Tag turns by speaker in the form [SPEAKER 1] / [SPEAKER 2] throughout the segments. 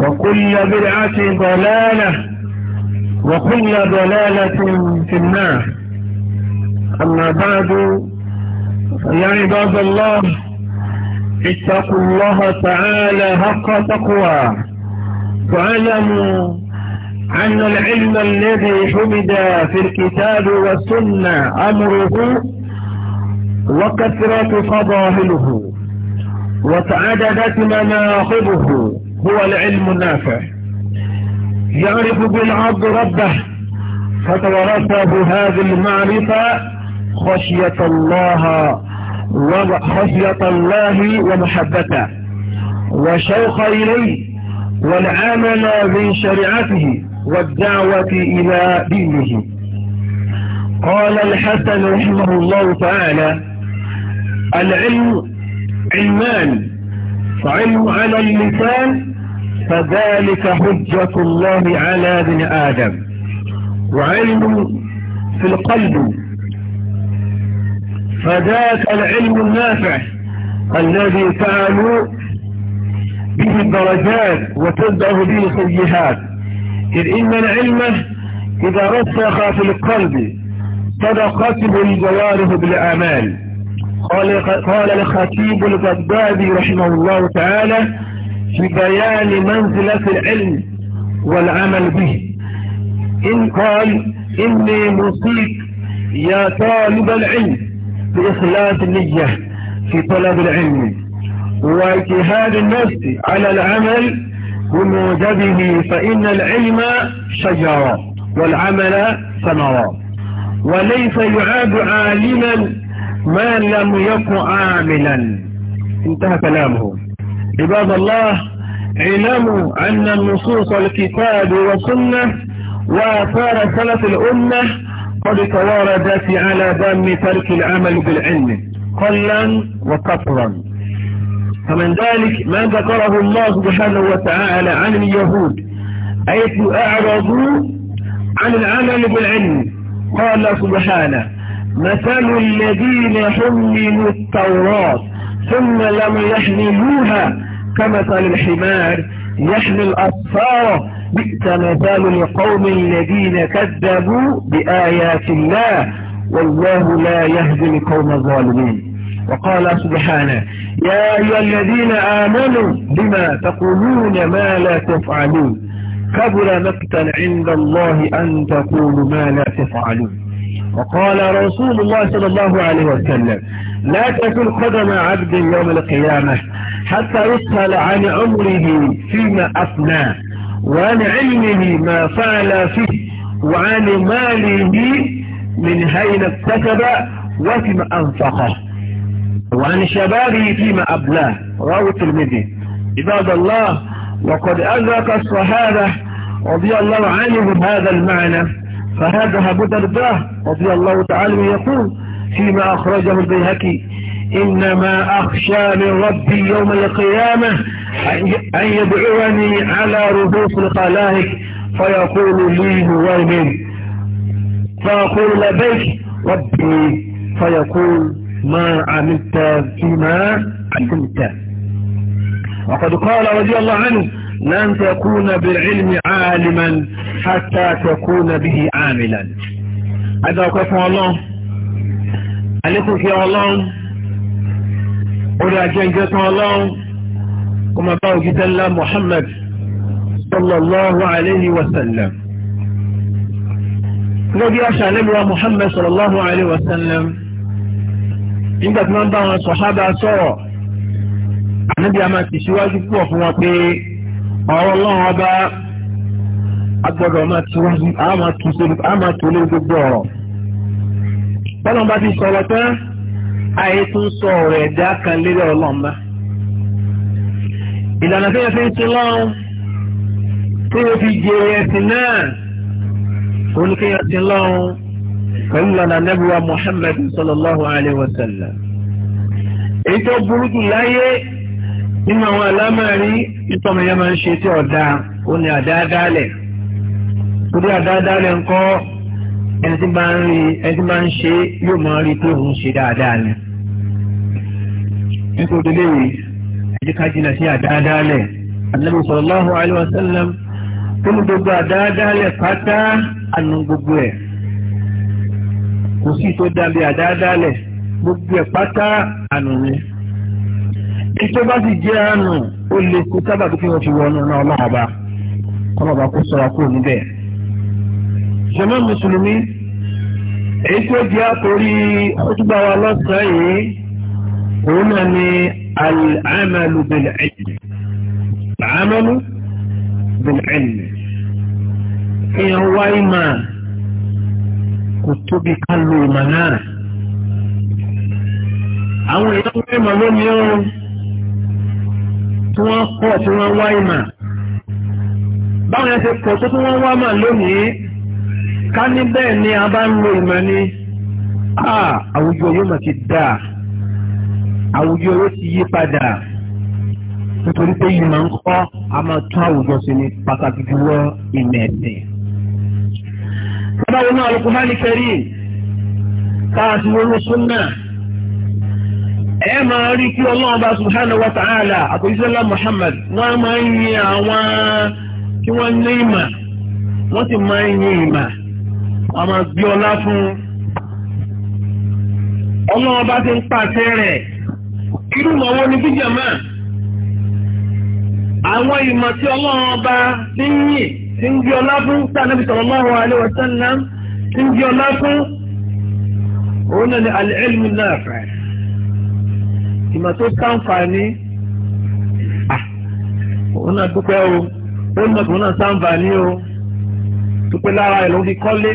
[SPEAKER 1] وكل بدعة ضلالة وكل ضلالة في النار أما بعد يا عباد الله اتقوا الله تعالى حق تقوى فعلموا أن العلم الذي حمد في الكتاب والسنة أمره وكثرة فضاهله وتعددت مناقبه هو العلم النافع يعرف بالعبد ربه فتورثه هذه المعرفة خشية الله وخشية الله ومحبته وشوق إليه والعمل بشريعته والدعوة إلى دينه قال الحسن رحمه الله تعالى العلم علمان فعلم على اللسان فذلك حجة الله على ابن آدم وعلم في القلب فذاك العلم النافع الذي تعلو به الدرجات وتبدأ به سيئات إذ إن العلم إذا رسخ في القلب صدقته الجوارح بالأعمال قال, قال الخطيب الغدادي رحمه الله تعالى ببيان منزلة العلم والعمل به إن قال إني مصيب يا طالب العلم بإخلاص النية في طلب العلم واجتهاد النفس على العمل بموجبه فإن العلم شجرة والعمل ثمرة وليس يعاد عالما ما لم يكن عاملا انتهى كلامه عباد الله اعلموا أن النصوص الكتاب والسنة وآثار سلف الأمة قد تواردت على دم ترك العمل بالعلم قلا وكثرا فمن ذلك ما ذكره الله سبحانه وتعالى عن اليهود حيث أعرضوا عن العمل بالعلم قال سبحانه مثل الذين حملوا التوراة ثم لم يحملوها كمثل الحمار يحمل أصفارا بئس مثال القوم الذين كذبوا بآيات الله والله لا يهدي القوم الظالمين وقال سبحانه يا أيها الذين آمنوا بما تقولون ما لا تفعلون كبر مقتا عند الله أن تقولوا ما لا تفعلون وقال رسول الله صلى الله عليه وسلم لا تكن قدم عبد يوم القيامة حتى يسأل عن عمره فيما أفناه وعن علمه ما فعل فيه وعن ماله من هين اكتسب وفيما أنفقه وعن شبابه فيما أبلاه رواه الترمذي عباد الله وقد أدرك الصحابة رضي الله عنهم هذا المعنى فهذا أبو درداه رضي الله تعالى يقول فيما أخرجه البيهقي إنما أخشى من ربي يوم القيامة أن يدعوني على رؤوس الخلائق فيقول لي مؤمن فأقول لبيك ربي فيقول ما عملت فيما علمت وقد قال رضي الله عنه لن تكون بالعلم عالما حتى تكون به عاملا هذا وقف الله عليكم في الله orí ajẹ́jẹ́ tán ọlọ́run kó máa bá ògidá ńlá Muhammad sallallahu alayhi wa sallam lórí ọ̀ṣà lẹ́mìíràn Muhammad sallallahu alayhi wa sallam nígbà tí wọ́n bá wọn sọ̀hábà sọ̀rọ̀ ànábì àmà ti ṣíwájú púpọ̀ fún wọn pé ọ̀rọ̀ ọlọ́run ọba agbọ́dọ̀ máa ti wájú àmà tó lórí gbogbo ọ̀rọ̀ bọ́lá bá ti sọ̀rọ̀ tán ayé tún sọ ọ̀rọ̀ ẹ̀dá kan lérí ọlọ́mọ. ìlànà tí wọ́n fi ń sin lọ́run tí wọ́n fi jèrè ẹ̀sìn náà òun kí wọ́n sin lọ́run pẹ̀lú ìlànà nẹ́bùwà Muhammad sallallahu alayhi wa sallam. èyí tó burú jù láyé nínú àwọn alámàrí ìtọ́mọ̀yá máa ń ṣe tí ọ̀dà ó ní àdáadáalẹ̀ torí àdáadáalẹ̀ ńkọ́ ẹni tí bá ń ṣe yóò máa rí pé òun ṣe dáadáa ni nítorí léyìí ẹjẹ́ ká jìnà sí àdáadáalẹ̀ Ànábì sallallahu alaihi wasallam tó ní gbogbo àdáadáalẹ̀ pátá àánú gbogbo ẹ̀ kò sí tó dábí àdáadáalẹ̀ gbogbo ẹ̀ pátá àánú ni ìtọ́ bá sì jẹ́ àánú ó lè kó sábàbí kí wọ́n fi wọnú náà ọlọ́ọ̀ba kọ́lọ́ọ̀ba kó sọ̀rọ̀ kúrò níbẹ̀ jàmá mùsùlùmí èyí tó jẹ́ àkórí ọdúgbà wa lọ́sàn-án yìí òun náà ni al-amalu bil-ilm al-amalu bil-ilm èèyàn kò tóbi ká lo ìmọ̀ náà àwọn èèyàn wá ìmọ̀ lónìí ó tí wọ́n tí wọ́n báwọn tó tí wọ́n wá ma lónìí ká ní bẹ́ẹ̀ ni a bá ń lo ìmọ̀ ni àwùjọ yóò mà ti àwùjọ yóò ti yí padà nítorí pé yìí máa ń kọ́ a máa tún àwùjọ sí ni pàtàkì jùlọ ìmọ̀ ẹ̀sìn. báwo ni Al-Qur'ani Karim káàsì wọnú súnà ẹ máa rí kí ọlọ́run bá wa ta'ala àtòjísọ́lá Muhammad wọ́n máa ń yin àwọn tí wọ́n ní ìmà wọ́n sì máa ń yin ìmà wọ́n máa gbé ọlá fún ti ń irú mọ̀ wọ́n ní bíjà máa àwọn ìmọ̀ tí ọlọ́run ọba ti ń yìn tí ń ọlá fún sànàbí sallallahu alaihi wasallam tí ń gbé ọlá fún òun náà ni al-ilmu nafi' ìmọ̀ tó sáǹfààní ah, òun náà dúpẹ́ o ó mọ̀ tó sáǹfààní o dúpẹ́ lára ẹ̀ fi kọ́lé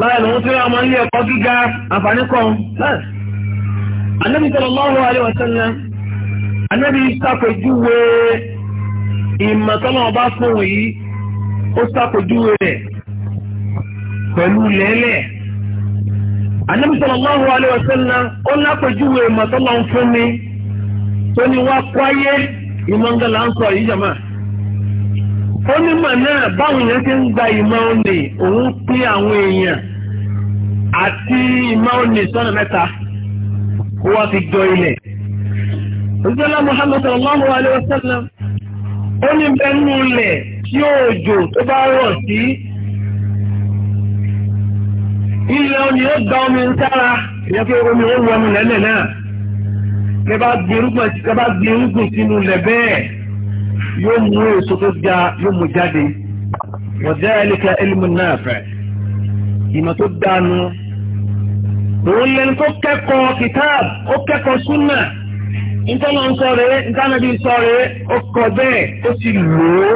[SPEAKER 1] láì lòun tó yà ọmọ ilé ẹ̀kọ́ gíga àǹfààní kan bẹ́ẹ̀. anábì sallallahu alaihi wasallam anábì sàpèjúwe ìmọ̀tọ́nà ọba fún yìí ó sàpèjúwe rẹ̀ pẹ̀lú lẹ́lẹ̀. anábì ó ìmọ̀tọ́nà fún mi tó ní wá kwáyé ìmọ̀ngàlà ń sọ yìí onímọ̀ náà báwọn ti ń gba ìmọ̀ òun pín àwọn èèyàn àti ìmọ̀ òní sọ́nà mẹ́ta kó wá fi jọ ilẹ̀. Òṣìṣẹ́lá Muhammad sallallahu alayhi wa sallam ó ní bẹ́nu ilẹ̀ tí òjò tó bá rọ̀ sí ilẹ̀ òní ó gba omi sára ìyẹn pé omi ó wọ ọmọ lẹ́lẹ̀ náà. Kẹ́ bá sínú ilẹ̀ bẹ́ẹ̀ yóò mú èso tó ga yóò mú jáde. Wa dhalika ilmun nafi'. Ìmọ̀ tó dánu òun lẹni tó kẹ́kọ̀ọ́ kìtáàb ó kẹ́kọ̀ọ́ súnà ntọ́nà sọ rèé sọ rèé ó kọ bẹ́ẹ̀ ó ti lò ó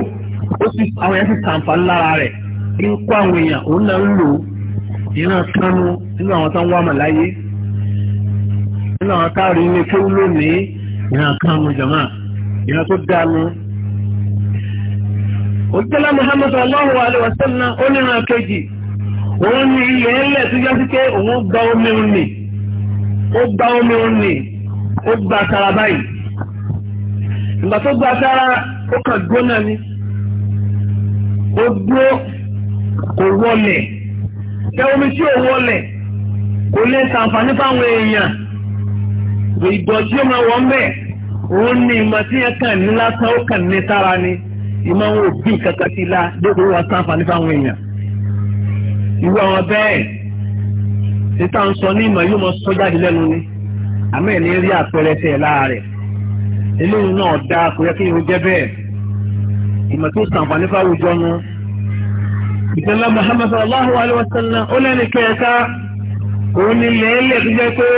[SPEAKER 1] ó ti àwọn yẹn ti sàǹfààní lára rẹ̀ ń kó àwọn èèyàn òun náà ń lò ó ìran kánú nínú àwọn tó ń wá màláyé nínú àwọn káàrí ilé kéwú lónìí ìran kánú jọ̀mọ́ ìran tó dánú. òun ni ilẹ̀ ẹlẹ̀ tó jẹ́ sí pé òun gba omi òun nì ó gba omi òun nì ó gba tara báyìí ìgbà tó gba tara ó kàn dúró náà ni ó dúró kò wọlé tẹ omi tí ò wọlé kò lè ṣàǹfààní fáwọn èèyàn ìdọ̀tí ó máa wọ́n bẹ́ẹ̀ òun ni ìmọ̀ tí yẹn kàn ní lásán ó kàn ní sára ni ìmọ̀ òbí kankan la dé kó fáwọn èèyàn irú àwọn bẹ́ẹ̀ títà ń sọ ní ìmọ̀ yóò mọ sọ jáde lẹ́nu ni àmọ́ ẹ̀ ní rí àpẹẹrẹ tẹ̀ lára rẹ̀ eléyìí náà dáa kò yẹ kí irun jẹ́ bẹ́ẹ̀ ìmọ̀ tó sàǹfààní fáwùjọ nu ìtẹ́lá Muhammad sallallahu alayhi wa sallam ó lẹ́nu kẹta òun ni lẹ́ẹ̀lẹ́ tó jẹ́ pé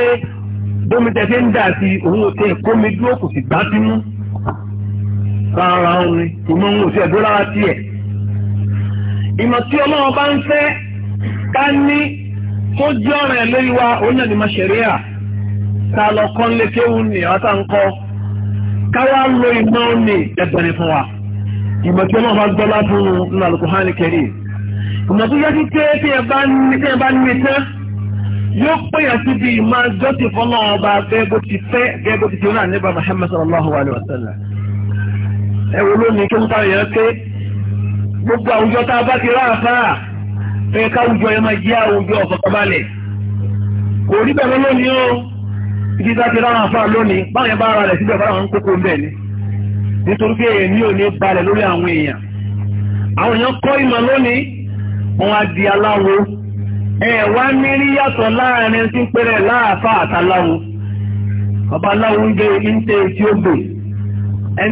[SPEAKER 1] bómi tẹ̀sí ń dà sí òun ò tẹ ìkómi dúró kò sì gbá sínú rárá òun ni ìmọ̀ òun ò tẹ̀ dúró rárá tiẹ̀ ìmọ̀ tí ọlọ́run bá ń fẹ́ Ka ní tó jẹ́ ọ̀ràn ẹ̀ lórí wa òun ni mo ṣẹ̀rí à lọ kọ́ ń lé kéwù ní ọ̀tá ń kọ́ ká lo ìmọ̀ òní ẹ̀bẹ̀rẹ̀ fún wa ìmọ̀ tí wọ́n bá gbọ́ látún nínú Al-Qur'an ìmọ̀ tó yẹ kí pé ẹ bá ní tán yóò ìmọ̀ fọ́nà ọba bó ti fẹ́ bó ti sallallahu alayhi wa sallam ẹ wo kí ẹ káwùjọ ẹ máa jẹ́ àwùjọ balẹ̀. kò rí bẹ̀rẹ̀ lónìí o ibi tá a ti ráwọn afá lónìí báwọn yẹn bá ara rẹ̀ síbẹ̀ fáwọn kókó bẹ́ẹ̀ ni nítorí pé èmi ò ní balẹ̀ lórí àwọn èèyàn àwọn èèyàn kọ́ ìmọ̀ lónìí wọn á di aláwo ẹ wá ní rí yàtọ̀ láàrin tí ń pẹ́rẹ́ láàfà àtàláwo bàbá aláwo ń gbé ó gbè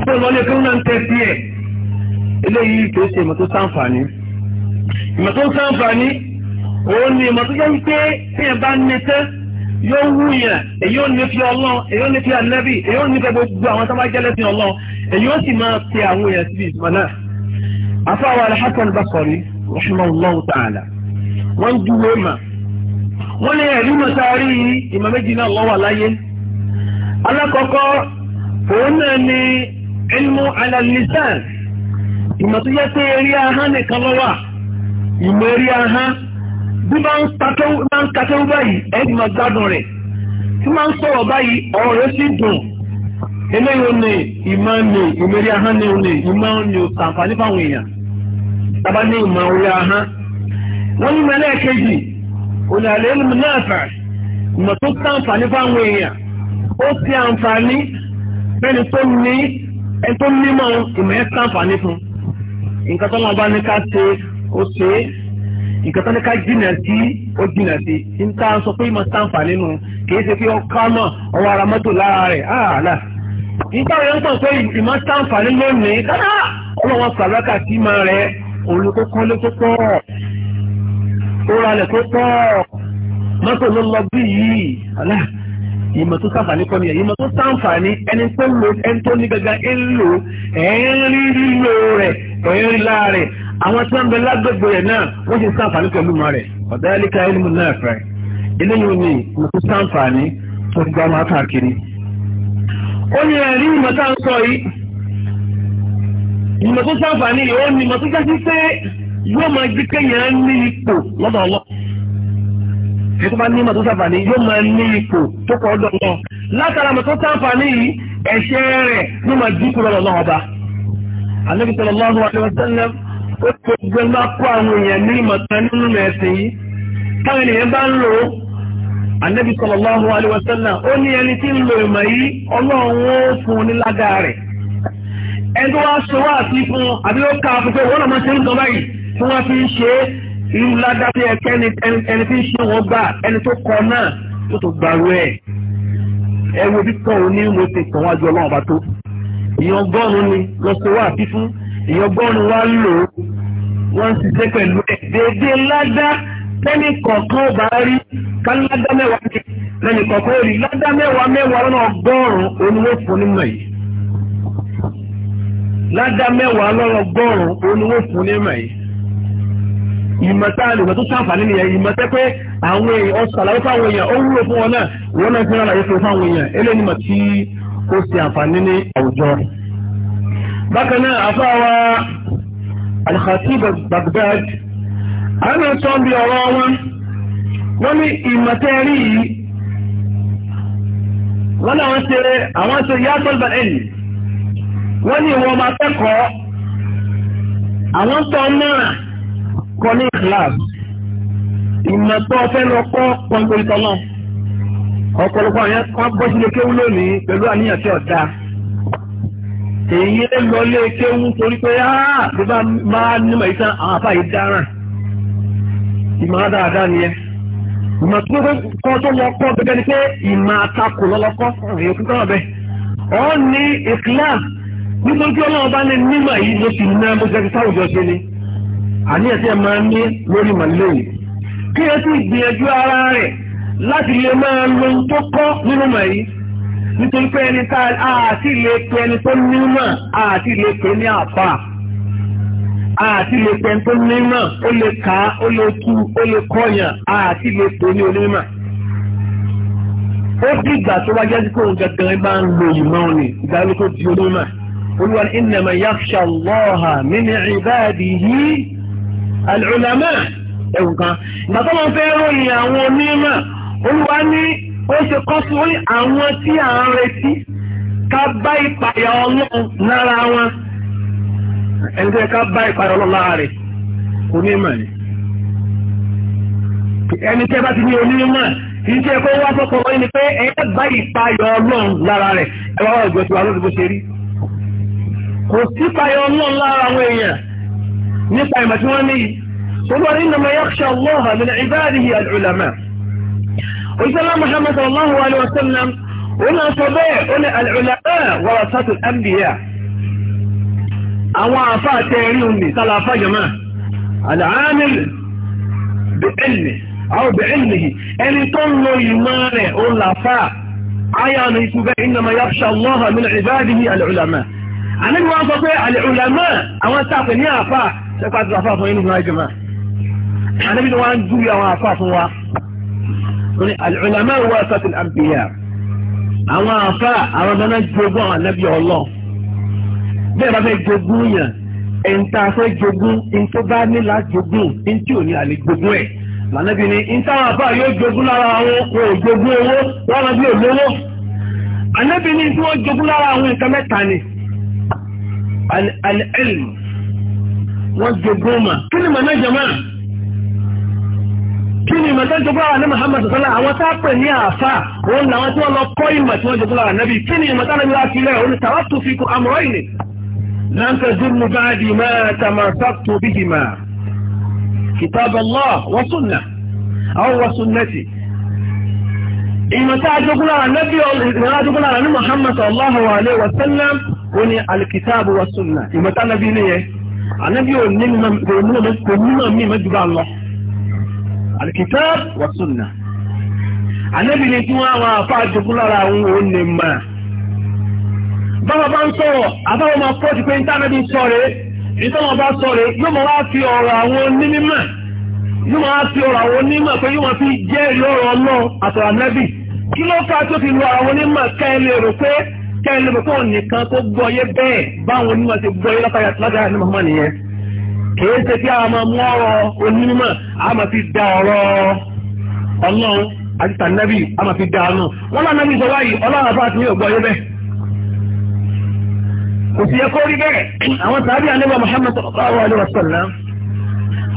[SPEAKER 1] tó fún náà ń eléyìí kò ṣe mọ́tò sáǹfààní. ìmọ̀ tó sàǹfààní òun ni ìmọ̀ tó jẹ́ wípé tí ẹ bá ní tẹ́ yóò wú yẹn èyí ò ní fi ọlọ́run èyí ò ní fi ànábì èyí ò ní fẹ́ gbogbo àwọn tó bá jẹ́lẹ̀ sí ọlọ́run èyí ó sì máa pe àwọn èèyàn síbi ìtumọ̀ náà. afáwa alhassan bakori rahimahullahu ta'ala wọ́n dúró mà wọ́n ní ẹ̀rí mọ̀sáárì ìmọ̀ méjì náà lọ́wọ́ láyé alákọ̀ọ́kọ́ òun náà ni ilmu alalisan ìmọ̀ tó yẹ pé eré ahán lọ́wọ́ ìmọ̀ẹ́rí ahán bí máa ń kakẹ́wú báyìí ẹ̀ẹ́dì máa rẹ̀ tí máa ń sọ̀rọ̀ báyìí ọ̀rọ̀ rẹ̀ sì dùn eléyìí ó ní ìmọ̀ ní ìmọ̀ẹ́rí ahán ní òní ìmọ̀ ní òsàǹfààní fáwọn èèyàn tábà ní ìmọ̀ orí wọ́n ní mẹ́lẹ́ kejì òní àlẹ́ náà fà ìmọ̀ tó fáwọn èèyàn ó ti àǹfààní tó ní ẹ̀ ó ṣe é nǹkan tó ní ká jìnà sí ó jìnà sí n ta sọ pé ìmọ̀ sáǹfà nínú kìí ṣe pé ọkọ mọ̀ ọwọ́ ara mọ́tò lára rẹ̀ ààlà ah, nígbà wọn gbọ́n pé ìmọ̀ sáǹfà nínú ní káná ọlọ́wọ́n sàlákà sí ma rẹ̀ olùkókọ́lé tó pọ̀ ó ralẹ̀ tó pọ̀ mọ́tò ló lọ bí yìí àlà ìmọ̀ tó sáǹfààní kọ́ ni ẹ̀ ìmọ̀ tó sáǹfààní ẹni tó lo ẹni tó ní gangan ń lò ẹ̀ ń rí lílo rẹ̀ ẹ̀ ń rí lára rẹ̀ àwọn tí wọ́n bẹ lágbègbè rẹ̀ náà wọ́n ti sàǹfààní pẹ̀lú mọ́ rẹ̀ ọ̀dáyálíkà ilmu náà fẹ́ ni mo ti sàǹfààní tó ti gbá máa káàkiri. ó ní ẹ̀rí ìmọ̀ ń sọ yìí ìmọ̀ tó sàǹfààní yìí ó ní ìmọ̀ tó jásí pé yóò máa jí kéèyàn ní ipò lọ́dọ̀ ọlọ́ ètò bá ní ìmọ̀ tó sàǹfààní yóò máa ní ipò tó kọ́ ó tó gbé bá kó àwọn èèyàn ní ìmọ̀tán nínú ẹ̀sìn yìí táwọn ènìyàn bá ń lò ó anabi sallallahu alayhi wa sallam ó ní ẹni tí ń lo ìmọ̀ yìí ọlọ́run ó fún un ní ládàá rẹ̀ ẹni tó wá sọ wá àti fún àbí ó ká àfikún wọn náà máa ṣe ń gan báyìí tí wọ́n fi ń ṣe irú ládàá bí ẹ̀kẹ́ ẹni tí ń ṣe wọn gbà ẹni tó kọ náà tó tó gbàrú ẹ̀ ẹ wo bí tọ́ òní mo ti tàn wájú ọlọ́run bá tó ìyọ̀ngọ́rùn-ún ni lọ́sọ̀wọ́ àti fún ìyọgọ́rùn wa lò wọ́n ṣiṣẹ́ pẹ̀lú ẹ̀ déédéé ládá lẹ́ni kọ̀ọ̀kan ọba rí káládá mẹ́wàá ní lẹ́ni kọ̀ọ̀kan rí ládá mẹ́wàá mẹ́wàá lọ́nà ọgọ́rùn-ún oníwó fún nímọ̀ yìí ládá mẹ́wàá lọ́nà ọgọ́rùn-ún oníwó fún nímọ̀ yìí ìmọ̀ta àlùmọ̀ tó sàǹfààní nìyẹn ìmọ̀tẹ́ pé àwọn èèyàn ọ̀sàlàyé fáwọn èèyàn ó wúlò fún wọn náà wọn náà fi hàn àlàyé fún fáwọn èèyàn eléyìí mọ̀ tí ó ṣe àǹfààní ní àwùjọ rẹ̀ bákan náà àfáwa al-Khatib Baghdad àwọn ẹ̀sọ́ bí ọ̀rọ̀ wọn wọ́n ní ìmọ̀tẹ́rí yìí wọ́n náà wọ́n ṣe àwọn ṣe yàtọ̀ bẹ̀rẹ̀ wọ́n ní ìwọ̀n máa kẹ́kọ̀ọ́ àwọn tó náà kọ́ ní class ìmọ̀tọ́ fẹ́ lọ kọ́ pọ́ńpọ́ńtọ́ náà ọ̀pọ̀lọpọ̀ àwọn ẹ̀kọ́ bọ́sílẹ̀ kéwú lónìí pẹ̀lú àníyàn tí ọ̀dà èyí ẹ lọlé kéwú torí pé áá bí bá máa nímọ̀ yìí tán àwọn afáyé dáràn ìmọ̀ dáadáa ni ẹ ìmọ̀ tó kọ́ tó lọ kọ́ gẹ́gẹ́ ni pé ìmọ̀ àtakò lọ́lọ́kọ́ èyí kúkọ́ ọ̀bẹ ọ ní ìkìláàsì nítorí pé ọlọ́run bá ní nímọ̀ yìí ló ti ná bó jẹ́ sáwùjọ ṣe ni àní ẹ̀sẹ̀ máa ń ní lórí màlúù kí ẹ sì gbìyànjú ara rẹ̀ láti lè máa lo ohun tó kọ́ nínú màá yìí nítorí pé ẹni tá àti lè pe ẹni tó nímọ̀ àti lè pe ní àfà àti lè pe ẹni tó nímọ̀ ó lè kà á ó lè tú ó lè kọ́yàn àti lè pe ní onímọ̀ ó bí ìgbà tó wájú ẹni kó gangan bá ń lo ìmọ̀ ni ìgbà ló onímọ̀ olúwa ní innama yakhsha Allaha min ibadihi al-ulama ẹ̀wù kan ìgbà tó wọn fẹ́ ròyìn àwọn onímọ̀ olúwa ní. ó ṣe kọ́ fún àwọn tí à ń retí ká bá ìpayà ọlọ́run lára wọn ẹni tó ká bá ìpayà ọlọ́run lára rẹ̀ kò ní mọ̀ ni ẹni bá ti ní kó wá wọ́n ni pé ẹ bá ìpayà ọlọ́run lára rẹ̀ ẹ bá wà ìjọ tiwa lóṣù bó ṣe rí kò sí ìpayà ọlọ́run lára àwọn èèyàn nípa ìmọ̀ tí wọ́n ní yìí وإسلام محمد صلى الله عليه وسلم هنا صباح هنا العلماء ورثات الأنبياء àwọn àfáà tẹ́rí omi tààlà àfáà jama àdáhánil bẹ̀ẹ́lì àwọn bẹ̀ẹ́lì ẹni tó ń lo ìmọ̀ rẹ̀ ó làfáà ayà ní ìtúgbẹ́ ìnàmà yàfṣà lọ́hà min ìbáàdìhì al'ulama anábi wọ́n sọ pé al'ulama àwọn torí al-ulama warasatul anbiya àwọn àfa àwọn nana jogún àwọn anabi ọlọ́ bẹ́ẹ̀ bá fẹ́ jogún yàn ẹ̀ǹta fẹ́ jogún ntó bá nílá jogún ntí ò ní àlè jogún ẹ̀ lànàbí ni ntá àwọn àfa yóò jogún lára àwọn kò jogún owó wọn lọ bí olówó anabi ni tí wọ́n jogún lára àwọn nǹkan mẹ́ta ni al-ilm wọ́n jogún mà kí ni màmá jẹ kí ni ìmọ̀ tẹ́jú bá wà ní Muhammad sọ́lá àwọn tápẹ̀ ní àfà òun làwọn tí wọ́n lọ kọ́ ìmọ̀ tí wọ́n jẹ́ sọ́lá ànábì kí ni ìmọ̀ tánàbí wá sílẹ̀ òun tàwọn tó fi kó amọ̀rọ̀ ìní láńkà zúnmù bá di máa tàmà sáàtò bí di máa kitab Allah wa sunna àwọn wa sunnati ìmọ̀ tá a jogún lára nábì ìmọ̀ a jogún lára ní Muhammad sallallahu alayhi wa sallam ó ní alikitaabu wa sunna ìmọ̀ tánàbí ni yẹn ànábì ò ní mímọ̀ mímọ̀ jù bá lọ alikitab wa sunna ànábì ni tí wọ́n àwọn àfa jùkú lára àwọn òun ní mà báwa bá ń sọ̀rọ̀ àbáwọ̀ ọmọ pọ̀ jù pé ntánàbí sọ̀rọ̀ ìtọ́wọ̀n bá sọ̀rọ̀ yóò máa wá fi ọ̀rọ̀ àwọn onímọ̀ yóò fi ọ̀rọ̀ àwọn onímọ̀ pé yóò fi jẹ́rìí ọ̀rọ̀ àtọ̀rọ̀ kí ló fà tó fi lu àwọn onímọ̀ rò pé rò pé òun nìkan tó bẹ́ẹ̀ báwọn onímọ̀ ti gbọ́yé látàrí ní mọ̀mọ́ kìí ṣe bí àwọn ọmọ mú ọ̀rọ̀ onímọ̀ a fi da ọ̀rọ̀ Ọlọ́run àti tànàbí àmọ́ fi da ọ̀nà wọn lọ́nà bí sọ́wọ́ yìí Ọlọ́run àbá àti ọgbọ́ yẹn bẹ́ẹ̀ kò sí ẹkọ rí bẹ́ẹ̀ àwọn sàbí àníbà Muhammad sallallahu alaihi wasallam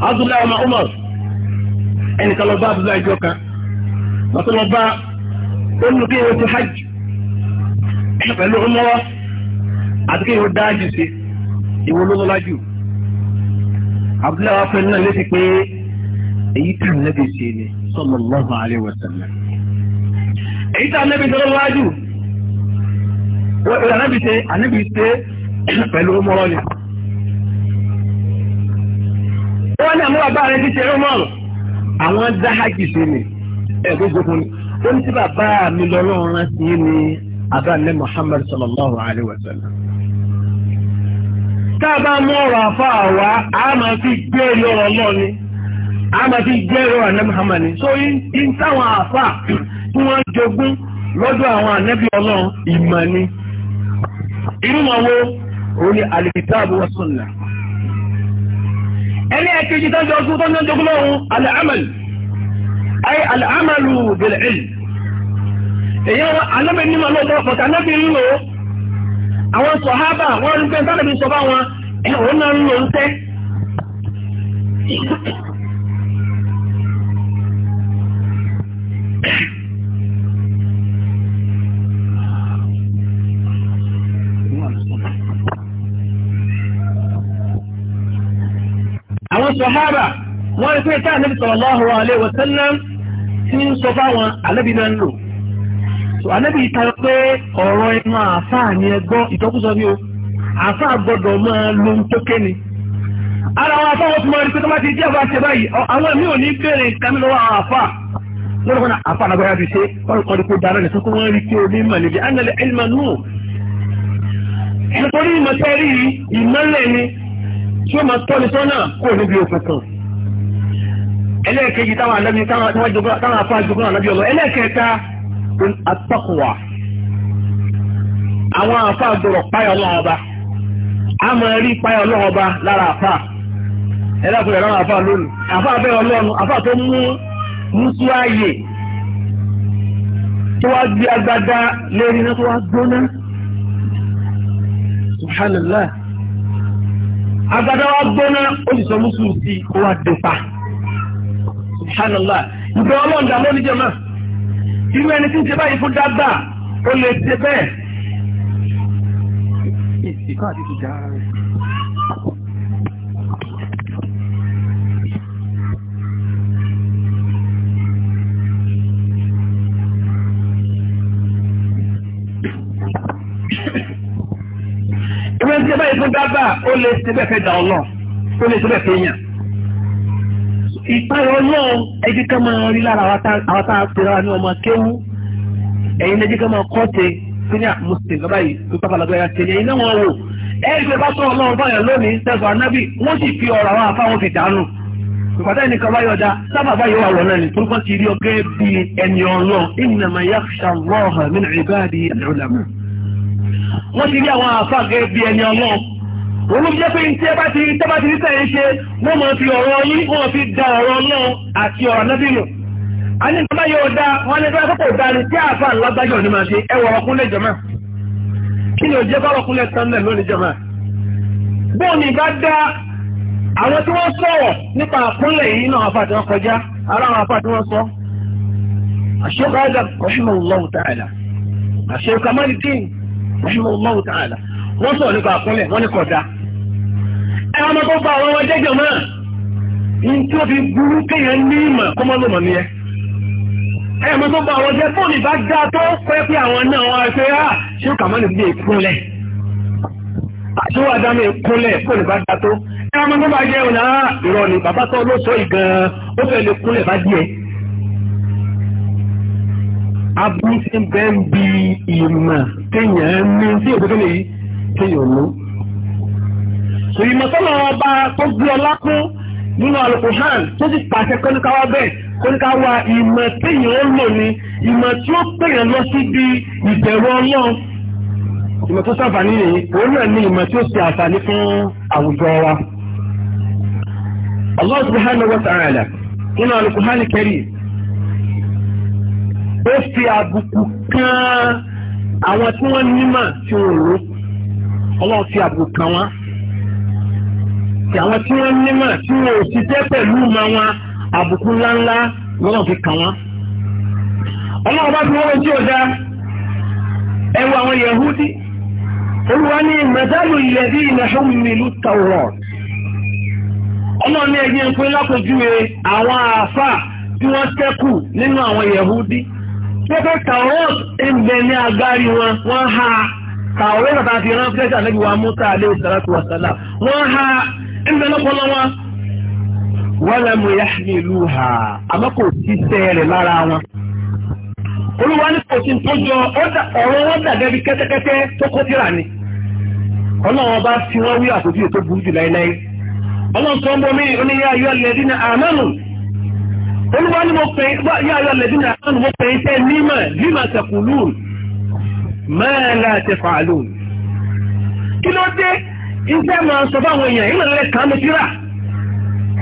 [SPEAKER 1] Abdullahi Umar ẹnìkan lọ bá Abdullahi ìjọ kan wọ́n tó lọ bá olùkí ìwé hajj pẹ̀lú àti kí abdullahi wa fẹ́ẹ́ náà létí pé èyí tí ànábì ṣe ni sallallahu alaihi wasallam èyí tí ànábì ṣe lọ́wọ́jú ànábì ṣe ànábì ṣe pẹ̀lú ọmọrọ ni. wọ́n ní àwọn bàbá rẹ̀ ti ṣe rọ́mọ́rù àwọn dáhájì ṣe ni ẹ̀gbọ́n gbogbo ni ó ní tí bàbá mi lọ́rọ̀ rán sí ni abáàlẹ́ Muhammad sallallahu alaihi wasallam. tá a bá a máa fi gbé ẹ̀rí nọ ni a máa fi gbé ẹ̀rí so in táwọn afọ tí wọ́n jogún lọ́dọ̀ àwọn ànábì ọlọ́run ìmọ̀ ni irú wọn wo òun ni al-kitabu wa ẹni ẹ̀kejì tó jogún tó jogún nímọ̀ lọ́dọ̀ ọ̀pọ̀ àwọn sọ̀hábà wọ́n ń gbé sábẹ̀bí sọ bá wọn ẹ̀wọ̀n náà ń lò ń tẹ́ àwọn sọ̀hábà wọ́n ń pè tá àlẹ́bí sallallahu alaihi wasallam tí ń sọ bá wọn àlẹ́bí náà ń lò ànábì ìtayọ pé ọ̀rọ̀ ẹnu àáfàá ni ẹ gbọ́ ìtọ́kùsọ ní o àáfàá gbọ́dọ̀ máa lo ohun tó ké ni. ara àwọn àáfàá wọn ti máa rí pé tó bá ti jẹ́ àbáṣe báyìí àwọn èmi ò ní bèrè kàmí lọ́wọ́ àwọn àáfàá lọ́dọ̀ kan àáfàá lágbára ti ṣe ọ̀rọ̀ kọ́ dára nìkan kó wọ́n rí pé o ní mà níbi ánàlẹ́ ẹ̀lmà nù. nítorí ìmọ̀tẹ́rì ìmọ̀lẹ̀ ni tí ó máa tọ́ni sọ́nà kó o níbi òkùnkùn ẹlẹ́ẹ̀kejì táwọn àlẹ́bí táwọn àfáà jogún àlẹ́bí ọlọ́ ẹlẹ́ẹ̀kẹta àtọ́kùwà àwọn àfa gbọ́dọ̀ páyọ̀ lọ́wọ́ a máa rí páyọ̀ lọ́wọ́ lára àfa ẹlẹ́kùnrin lára àfa lónìí àfa abẹ́ ọlọ́run àfa tó mú mùsùn ààyè tó wá gbé agbada lérí náà tó wá gbóná subhanallah Agbada wa gbóná ó sì sọ sí wá dé pa subhanallah ìgbà ọlọ́run irú ẹni tí ń ṣe báyìí fún dágbà ó lè ṣe bẹ́ẹ̀. ìkọ́ àti ìjà ara rẹ̀. irú ẹni tí ń ṣe báyìí fún dágbà ó lè ṣe bẹ́ẹ̀ fẹ́ dà ọ́ lọ ó lè ṣe bẹ́ẹ̀ fẹ́ yàn. ìpayọ̀ náà ẹjí ká máa rí lára a ní ọmọ kéwú ẹ̀yin ẹjí máa kọ́ọ̀tẹ̀ fún ní àmúṣe lọ́ba yìí tó pápálagbá yà tẹ̀yẹ iná wọn wò ẹ̀rí bá báyọ̀ lónìí sẹ́sọ̀ anábì wọ́n sì fi ọ̀rọ̀ àwọn afáwọn fi dànù ìpàdé nìkan báyọ̀ sábà báyọ̀ wà òun jẹ́ pé tí ẹ bá ti tẹ́ bá ti rí sẹ́yìn ṣe wọ́n máa fi ọ̀rọ̀ yín wọ́n fi da ọ̀rọ̀ náà àti ọ̀rọ̀ a ní ìgbà yóò da wọn ní da tí àfa lágbájọ ni máa ṣe ẹ wọ kí ni òjẹ́ báwọn ọkùnrin lónìí jọmọ. bóun ní bá dá àwọn tí wọ́n sọ̀rọ̀ nípa àkúnlẹ̀ yìí náà tí wọ́n kọjá ara àwọn tí wọ́n sọ. wọ́n sọ̀rọ̀ nípa àkúnlẹ̀ wọ́n ní kọ̀dá. ẹ ọmọ tó gba àwọn ọmọdé jọ náà ní tí ó fi burú kéèyàn ní ìmọ̀ kó mọ́ nìyẹn. ẹ ọmọ tó gba àwọn ọmọdé fóònù bá dá tó pẹ́ pé àwọn náà wọ́n á ṣe á ah, ṣé ó kà ìkúnlẹ̀. àti wọ́n adá mi ìkúnlẹ̀ fóònù bá dá tó. ẹ ọmọ ah, tó bá jẹ́ kéèyàn mú. ìmọ̀sọ́nà ọba tó gbé ọlá kún nínú alukuhan tó ti pàṣẹ kọ́níkáwá bẹ́ẹ̀ ìmọ̀ ó lò ní ìmọ̀ tí ó lọ síbi ìbẹ̀rù ọlọ́run ìmọ̀ tó sàǹfààní yìí òun náà ní ìmọ̀ tí ó ṣe àǹfààní fún àwùjọ wa. nínú alukuhan ó fi àbùkù kan àwọn tí wọ́n nímọ̀ tí wọ́n lò ọlọ́run fi àbùkù kan wọn ti àwọn tí wọ́n nímọ̀ tí wọ́n ò pẹ̀lú ma wọn àbùkù ńláńlá lọ́nà fi kàn wọ́n. ọlọ́run bá fi wọ́n lójú ọ̀dà àwọn yahudi olùwà ní mẹ́tàlù ìyẹ̀dí ìnáhùnmílù tàwọ̀. ọlọ́run ní ẹgbẹ́ pé lápòjúwe àwọn tí wọ́n nínú àwọn yahudi. pẹ́pẹ́ tàwọ̀ ń bẹ ní agbárí wọn wọ́n kàwé bàbá fi ránṣẹ́ sí àlẹ́bí wa Musa alayhi wa salam wọ́n ha ẹgbẹ́ lọ́pọ̀lọ́ wọn wọ́n lẹ́mu yahmiluha àmọ́ kò sí sẹ́ẹ̀rẹ̀ lára wọn. olúwa ní kò sí tó jọ ọ̀rọ̀ wọn dàgẹ́ bí kẹ́tẹ́kẹ́tẹ́ tó kó ni ọlọ́wọ́n bá fi wọ́n wí àpòjú ètò burú láíláí ń mí oníyá ayọ́ máa la taf'alun kí ló dé iṣẹ́ máa sọ fáwọn èèyàn ìmọ̀ lẹ́lẹ́ kan mi síra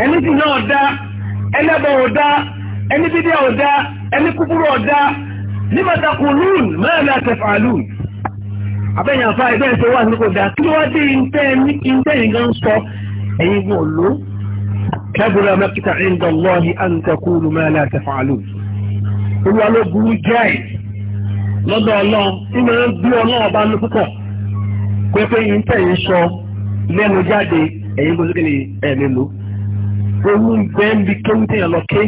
[SPEAKER 1] ẹni tí náà ọ̀dá ẹlẹ́bọ ọ̀dá ẹni bídíà ọ̀dá ẹni kúkúrú ọ̀dá lima taqulun máa la taf'alun abẹ́yìn àfa ẹgbẹ́ ìṣe wà ní kò dáa kí ló wá dé ìǹtẹ́ ìǹtẹ́ ń sọ ẹ̀yin gbọ́n ló kẹ́bùrẹ́ mẹ́kítà inda Allahi an taqulu máa la taf'alun olúwa ló burú jáì lọ́dọ̀ ọlọ́run nínú ẹ̀ ń bí ọlọ́run ọba ní púpọ̀ pé pé yín tẹ̀ ń sọ lẹ́nu jáde ẹ̀yin bó sókè ní ẹ̀ lò owó ìgbẹ́ ń bi kéwú tẹ̀ lọ ké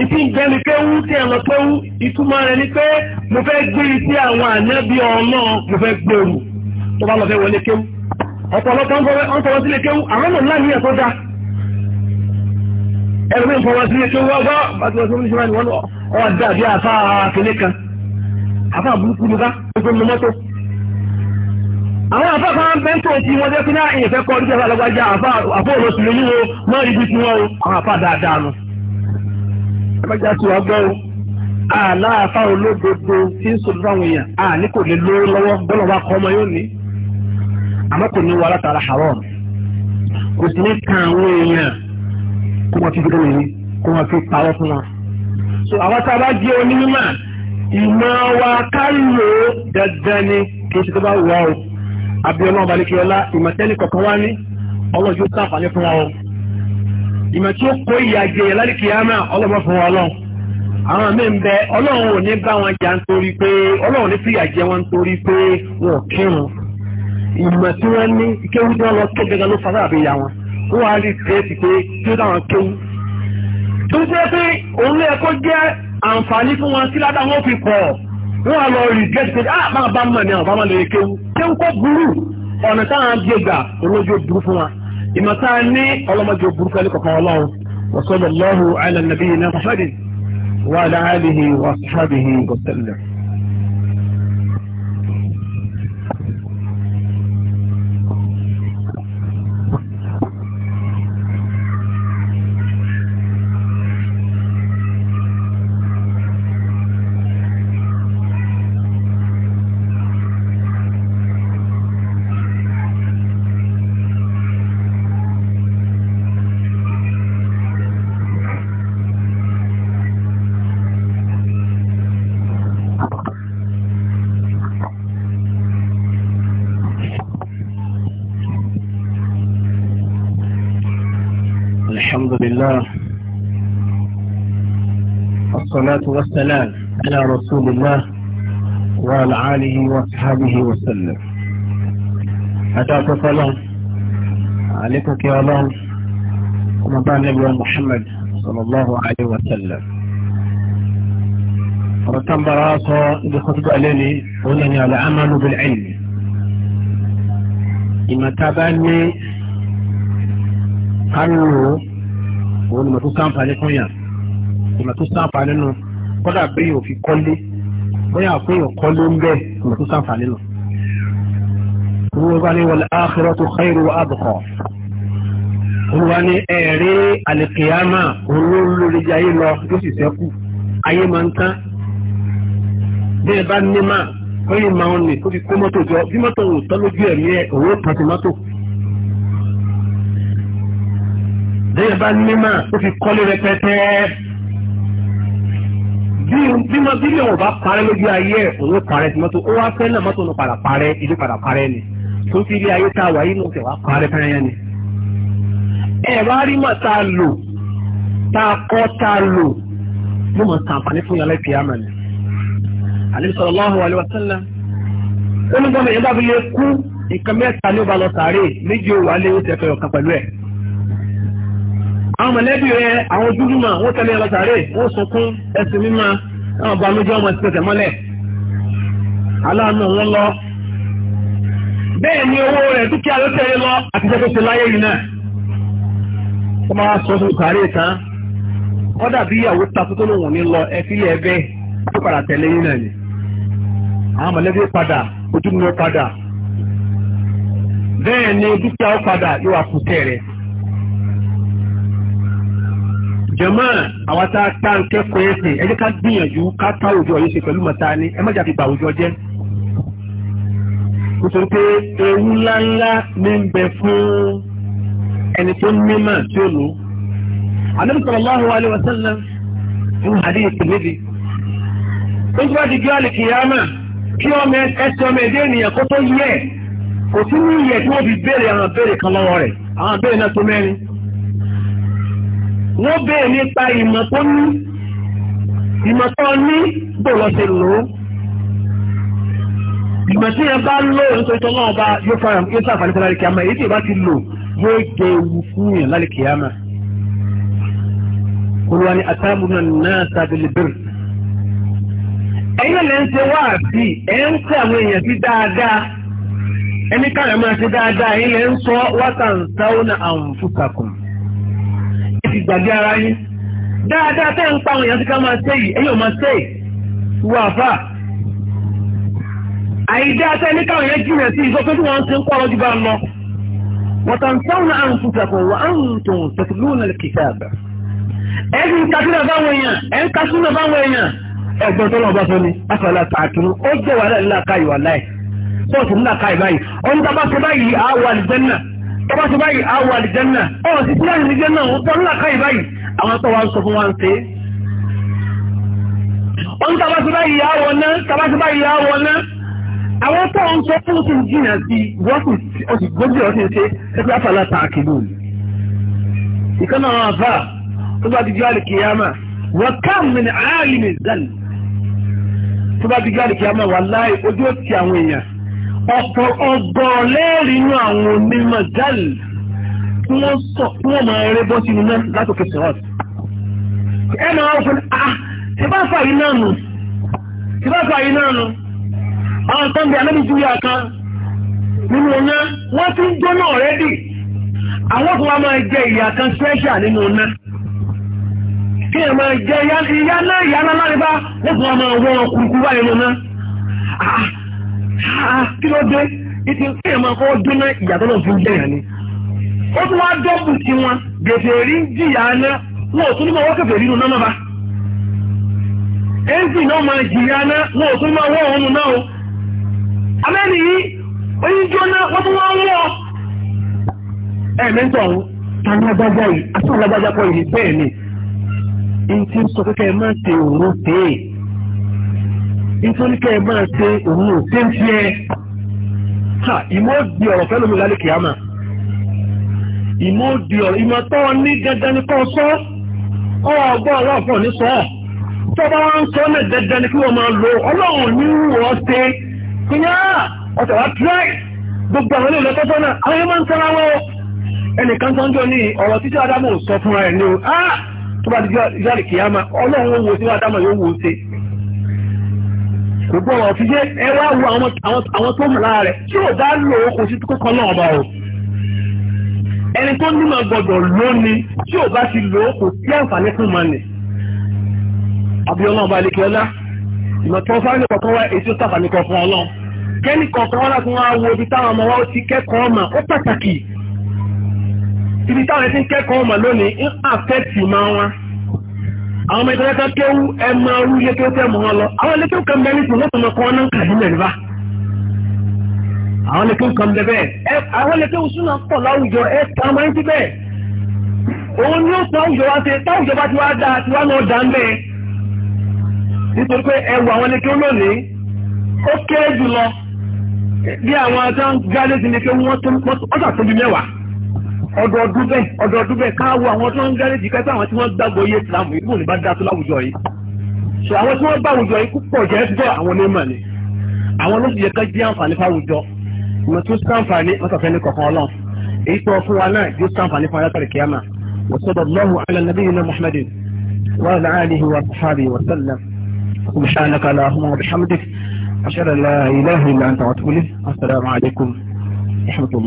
[SPEAKER 1] ìtì ìgbẹ́ ni kéwú tẹ̀ lọ kéwú ìtumọ̀ rẹ̀ ni pé mo fẹ́ gbé iṣẹ́ àwọn ànábì ọlọ́run mo fẹ́ gbèrú tó bá lọ fẹ́ wọlé kéwú ọ̀pọ̀lọpọ̀ ń fọwọ́ sílé kéwú àwọn ọmọ ńlá nìyẹn tó dáa ẹ̀rọ ń fọwọ́ sílé kéwú ọgbà àti ọ̀sán oníṣẹ́ wọn ọ̀dà bí àfáà kìnìkan àfa burúkú ni bá gbogbo mi mọ́tò. àwọn àfa kan bẹ́ẹ̀ tó ti wọ́n jẹ́ kí náà ìyẹ̀fẹ́ kọ́ ọdún alágbájá àfa àfọ òròsì lóyún o wọ́n rí ibi tí wọ́n o àwọn àfa dáadáa nu. alágbájá ti wá gbọ́ o àlàáfà olódodo tí ń sọdún fáwọn èèyàn àní kò lè lórí lọ́wọ́ bọ́lá wa kọ́ ọmọ yóò ní. àmọ́ kò ní wọ alátara haram kò sì ní kan àwọn èèyàn kó wọn fi gbé wọn yìí kó wọn fi parọ́ fún wọn. so àwọn tá a bá jẹ́ onímọ̀ ìmọ̀ wa ká lò ó dandan ni kì í ṣe tó bá wù wá o abiola ọba lẹkẹ ọlá ìmọ̀tẹ́lẹ̀ kọ̀ọ̀kan wá ní ọlọ́jọ́ sáfàlẹ́ fún wa o ìmọ̀ tí ó kó ìyàjẹ lálẹ́kì yàmà ọlọ́mọ fún wa lọ àwọn àmì ń bẹ ọlọ́run ò ní bá wọn jà nítorí pé ọlọ́run ní fi ìyàjẹ wọn nítorí pé wọn ò kírun ìmọ̀ tí wọ́n ní kéwú tí wọ́n lọ kéde gan ló fa sábà fi wọn wọ́n á rí tẹ́ẹ̀tì pé tí ó dáwọn kéwú tó jẹ́ pé òun lè kó jẹ́ àǹfààní fún wọn sí ládàá wọn fi pọ̀ wọn á lọ rí gẹ́gẹ́ pé ah máa bá mọ̀ ní àwọn bámọ̀ lóye kéwú kéwú kọ́ burú ọ̀nà táwọn gbé gbà olójú burú fún wa ìmọ̀ tá a ní ọlọ́mọdé burú kẹ́lẹ́ kọ̀ọ̀kan ọlọ́run wa sallallahu ala nabiyina Muhammadin wa ala alihi wa sahbihi wa sallam. الصلاة والسلام على رسول الله وعلى آله وصحبه وسلم أتاك السلام عليكم يا الله ومبارك نبي محمد صلى الله عليه وسلم رتم براسة بخطبة ليلي على عمل بالعلم إما تابعني قالوا òun ni mo tún sáǹfààní fún yàn ìmọ̀ tó sáǹfààní nù kọ́dà pé yóò fi kọ́lé bóyá pé yóò kọ́lé ń bẹ́ẹ̀ ìmọ̀ tó sáǹfààní nù. olùwà ni wal akhiratu khairu wa abqa olùwà ni ẹ̀rí àlìkìyàmà olólùlẹ̀jẹ̀ ayé lọ yóò sì sẹ́kù ayé máa ń tán bẹ́ẹ̀ bá ní mà kọ́yìn máa ń nì kó fi kó mọ́tò jọ bí mọ́tò ò lójú ẹ̀mí ẹ̀ òun ò mọ́tò. bẹ́ẹ̀ bá nímà ó fi kọ́lé rẹpẹtẹ bímọ bílíọ̀n ò bá parẹ́ lójú ayé ẹ̀ òun parẹ́ ti mọ́tò ó wá fẹ́ náà mọ́tò òun padà parẹ́ ilé padà parẹ́ ni tó fi ilé ayé tá a wà yìí ló ń tẹ̀ wá parẹ́ fẹ́rẹ́ yẹn ni. ẹ wá rí mà tá a lò tá a kọ́ tá a lò ló mọ̀ sàǹfààní fún yàrá ìpè àmà ni. àlejò sallallahu alaihi wasallam ó ní gbọ́dọ̀ yẹn bá fi lè kú nǹkan ọmọ mọ̀lẹ́bí rẹ àwọn ojúlùmọ̀ wọ́n ala ẹ̀rọ sàárè wọ́n sunkún ẹ̀sìn mímọ́ àwọn ọ̀bànújẹ́ ọmọ ti tẹ̀tẹ̀ mọ́lẹ̀ aláàánú wọn lọ. bẹ́ẹ̀ ni owó rẹ̀ dúkìá ló tẹ̀lé lọ àti jẹ́ kó láyé yìí náà. wọ́n máa sọ fún sàárè wọ́n dàbí ìyàwó takú tó lòun ní lọ tó padà tẹ̀lé jẹ̀mọ́ àwọn tá a tá ń kẹ́kọ̀ọ́ ẹ̀sìn ẹ jẹ́ ká gbìyànjú ká tá òjò yìí ṣe pẹ̀lú mọ̀ta ni ẹ má jà fi bà òjò jẹ́. nítorí pé ewu ńláńlá ní ń bẹ fún ẹni tó ní mà tí ó lò. àdébù sallallahu alaihi wasallam fún àdé ìpèlédè. ó ti wá di gbé àlìkìyàmà kí ọmọ ẹsẹ̀ ọmọ ẹdẹ ènìyàn kó tó yẹ kò tún ní iyẹ̀ tí wọ́n fi béèrè àwọn béèrè kan lọ́wọ́ rẹ̀ àwọn béèrè náà tó mẹ́rin. wọ́n béèrè nípa ìmọ̀ tó ní ìmọ̀ tó ní lọ lò ó ìmọ̀ tí bá lò nítorí tó yóò fara yóò sàǹfààní èyí tí ìbá ti lò yóò jẹ ewu fún olùwà ni àtàmùnà náà sábẹ́lì bẹ́rẹ̀ ẹ̀yin lè ń ṣe ẹ̀ ń kọ́ àwọn èèyàn sí dáadáa ẹni ti ara yín dáadáa tó ń pa àwọn èèyàn sí ká máa ṣe yìí ẹ̀yìn ò máa ṣe wà fà àìdá tẹ́ ní káwọn èèyàn jìnà sí ìsọ pé kí wọ́n ti ń kọ́ ọlọ́jú bá ń ọrụ wọ̀tàntàwọn àǹfùsàkùn wà áǹtùn ń báwọn èèyàn ń báwọn èèyàn tó bá ó jẹ́ wàhálà ńlá tọ́bá ti báyìí àwọ̀ àlìjẹ́nà ọ̀rọ̀ sí sílẹ̀ àlìjẹ́nà wọ́n tọ́ nílà káyì báyìí àwọn tó wá ń sọ fún wa ń ṣe. wọ́n tọ́bá ti báyìí àwọ̀ náà tọ́bá ti báyìí àwọ̀ náà àwọn tó ń sọ fún ti jìnà sí wọ́pù ọ̀sì gbọ́dọ̀ ọ̀sì ṣe ẹgbẹ́ àfàlà tààkì lónìí. ìkànnà àwọn àfà tó bá ọ̀pọ̀ ọgbọ̀n lẹ́rìnú àwọn onímọ̀ gáàlì tí wọ́n sọ fún ọmọ eré bọ́ sínú náà látòkè sọ́ọ̀t ẹ máa wọ́n fún ah ṣe bá fà yín náà nù ṣe bá fà yín náà nù àwọn tó ń bẹ anábìjúwìyà kan nínú ọ̀nà wọ́n ti ń jóná ọ̀rẹ́dì àwọn tó wá máa jẹ ìyà kan ṣẹ́ṣà nínú ọ̀nà kí ẹ máa jẹ ìyá náà ìyá náà lárí bá wọ́n tó wá máa wọ́n kùrùkù wá nínú ọ̀nà Ah, kí ló dé ìtì kéèyàn máa fọwọ́ jóná ìyàtọ̀ náà fún jẹ́yàn ni ó tún wá dọ́kù sí wọn gbèsè rí jìyà náà wọn ò tún ní máa wọ́ kẹfẹ́ rínú náà bá ẹ́ńtì náà máa jìyà náà wọn ò tún máa wọ́ ọ̀hún náà o amẹ́ni yìí oyin jóná wọ́n tún wá ń wọ́ ẹ̀mẹ́ntọ̀ ọ̀hún agbájá yìí àti alágbájá yìí bẹ́ẹ̀ ni ṣe òun ṣe é nítorí kẹ́ ẹ máa ṣe òun ò ṣe ń fi ẹ. ha ìmọ̀ di ọ̀rọ̀ fẹ́ lómi lálẹ́ kìámà ìmọ̀ di ọ̀rọ̀ ìmọ̀ tó ọ ní dandan ni kò sọ ọ ọgbọ́n ọlọ́ọ̀fọ̀ ní sọ tọ́ba wa ń sọ ní dandan ni kí wọ́n máa lo ọlọ́run ní wọ́n ṣe kúnyá ọ̀tọ̀ wa tíráì gbogbo àwọn ilé ìlẹ́kọ́ sọ́nà àwọn yẹn máa ń sọ́ra wọn ẹnìkan tó ń jọ ní ọ̀rọ̀ títí Ádámù sọ fúnra ẹ̀ ní o ah tó bá di jáde kìámà ọlọ́run wo sí Ádámù yóò kò gbọ́ wọn fi ṣe ẹ wá wo àwọn tó hàn lára rẹ̀ tí ò bá lò ó kò sí kókó náà bá o ẹni tó ní máa gbọdọ̀ lónìí tí ò bá ti lò ó kò sí àǹfààní fún mani abiola ọba aleke ọlá ìmọ̀tọ́ fáwọn kọ̀ọ̀kan wá èsì ọ̀tàfà ní kọ̀ọ̀kan ọlọ́run kẹ́ni kọ̀ọ̀kan wọn láti wọn wo ibi táwọn ọmọ wa ó ti kẹ́kọ̀ọ́ mà ó pàtàkì ibi táwọn ẹni tí ń kẹ́kọ̀ọ́ mà lónìí ń àfẹ́tì máa wọn àwọn ọmọ ìtọ́jọ́ kéwú ẹ máa rú ilé tó tẹ́ mọ́ wọn lọ àwọn ilé tó kàn bẹ́ẹ̀ ní ìsìn lọ́sọ̀mọ́ kan náà kà nílẹ̀ nípa àwọn ilé tó kàn bẹ́ẹ̀ bẹ́ẹ̀ àwọn ilé tó súnà pọ̀ láwùjọ ẹ ta máa ń ti bẹ́ẹ̀ òun ni ó sọ àwùjọ wa ṣe táwùjọ bá ti wá dáa ti wá náà dáa bẹ́ẹ̀ nítorí pé ẹ wọ àwọn ilé tó lónìí ó kéré jùlọ bí àwọn àtàwọn gáàlẹ́sì ni pé wọ́n tó wọ́n tó ọdọọdún bẹ́ẹ̀ ọdọọdún bẹ́ẹ̀ káwọ àwọn tí wọ́n ń gárẹ́jì kẹta àwọn tí wọ́n gbàgbọ́ iye ìsìlámù ìbò ní bá dá tó láwùjọ yìí ṣe àwọn tí wọ́n bá àwùjọ yìí púpọ̀ jẹ́ bẹ́ẹ̀ àwọn onímọ̀ ni àwọn ló sì yẹ ká jẹ́ àǹfààní fáwùjọ mo tún sáǹfààní mọ́tàfẹ́ ní kọ̀ọ̀kan ọlọ́run èyí tó fún wa náà yóò sáǹfààní fún alátàrí kíámà wasallallahu ala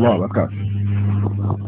[SPEAKER 1] nabiyyina muhammadin